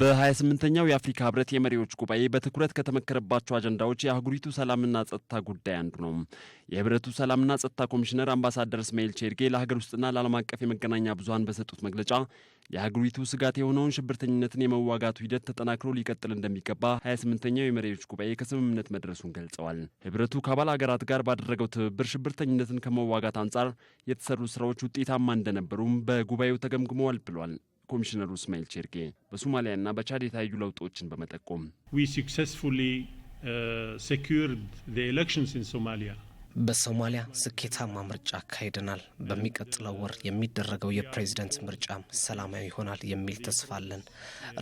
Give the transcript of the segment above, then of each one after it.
በ28ኛው የአፍሪካ ህብረት የመሪዎች ጉባኤ በትኩረት ከተመከረባቸው አጀንዳዎች የአህጉሪቱ ሰላምና ጸጥታ ጉዳይ አንዱ ነው። የህብረቱ ሰላምና ጸጥታ ኮሚሽነር አምባሳደር እስማኤል ቼርጌ ለሀገር ውስጥና ለዓለም አቀፍ የመገናኛ ብዙሀን በሰጡት መግለጫ የአህጉሪቱ ስጋት የሆነውን ሽብርተኝነትን የመዋጋቱ ሂደት ተጠናክሮ ሊቀጥል እንደሚገባ 28ኛው የመሪዎች ጉባኤ ከስምምነት መድረሱን ገልጸዋል። ህብረቱ ከአባል ሀገራት ጋር ባደረገው ትብብር ሽብርተኝነትን ከመዋጋት አንጻር የተሰሩ ስራዎች ውጤታማ እንደነበሩም በጉባኤው ተገምግመዋል ብሏል። ኮሚሽነሩ እስማኤል ቼርጌ በሶማሊያና በቻድ የታዩ ለውጦችን በመጠቆም ኢን ሶማሊያ በሶማሊያ ስኬታማ ምርጫ አካሂደናል። በሚቀጥለው ወር የሚደረገው የፕሬዝደንት ምርጫም ሰላማዊ ይሆናል የሚል ተስፋ አለን።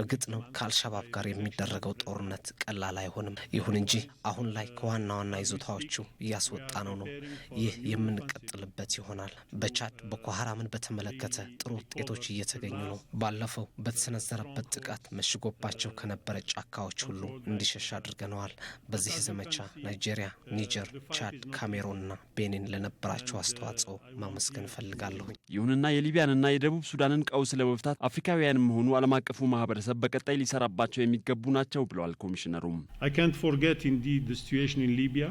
እርግጥ ነው ከአልሸባብ ጋር የሚደረገው ጦርነት ቀላል አይሆንም። ይሁን እንጂ አሁን ላይ ከዋና ዋና ይዞታዎቹ እያስወጣ ነው ነው ይህ የምንቀጥልበት ይሆናል። በቻድ ቦኮ ሀራምን በተመለከተ ጥሩ ውጤቶች እየተገኙ ነው። ባለፈው በተሰነዘረበት ጥቃት መሽጎባቸው ከነበረ ጫካዎች ሁሉ እንዲሸሽ አድርገነዋል። በዚህ ዘመቻ ናይጄሪያ፣ ኒጀር፣ ቻድ፣ ካሜ ካሜሮንና ቤኒን ለነበራቸው አስተዋጽኦ ማመስገን እፈልጋለሁኝ። ይሁንና የሊቢያንና የደቡብ ሱዳንን ቀውስ ለመፍታት አፍሪካውያን መሆኑ ዓለም አቀፉ ማህበረሰብ በቀጣይ ሊሰራባቸው የሚገቡ ናቸው ብለዋል ኮሚሽነሩም። ሊቢያ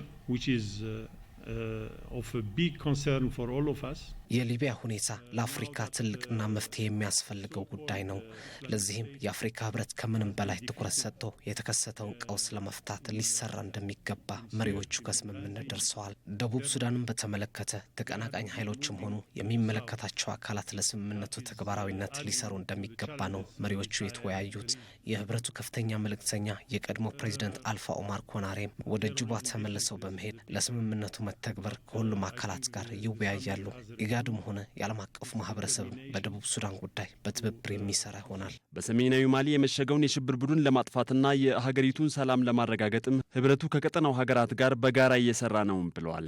ኮንሰርን ፎር የሊቢያ ሁኔታ ለአፍሪካ ትልቅና መፍትሄ የሚያስፈልገው ጉዳይ ነው። ለዚህም የአፍሪካ ህብረት ከምንም በላይ ትኩረት ሰጥቶ የተከሰተውን ቀውስ ለመፍታት ሊሰራ እንደሚገባ መሪዎቹ ከስምምነት ደርሰዋል። ደቡብ ሱዳንን በተመለከተ ተቀናቃኝ ኃይሎችም ሆኑ የሚመለከታቸው አካላት ለስምምነቱ ተግባራዊነት ሊሰሩ እንደሚገባ ነው መሪዎቹ የተወያዩት። የህብረቱ ከፍተኛ መልእክተኛ የቀድሞ ፕሬዚደንት አልፋ ኦማር ኮናሬም ወደ ጁባ ተመልሰው በመሄድ ለስምምነቱ መተግበር ከሁሉም አካላት ጋር ይወያያሉ። ሪያድም ሆነ የዓለም አቀፉ ማህበረሰብ በደቡብ ሱዳን ጉዳይ በትብብር የሚሰራ ይሆናል። በሰሜናዊ ማሊ የመሸገውን የሽብር ቡድን ለማጥፋትና የሀገሪቱን ሰላም ለማረጋገጥም ህብረቱ ከቀጠናው ሀገራት ጋር በጋራ እየሰራ ነው ብለዋል።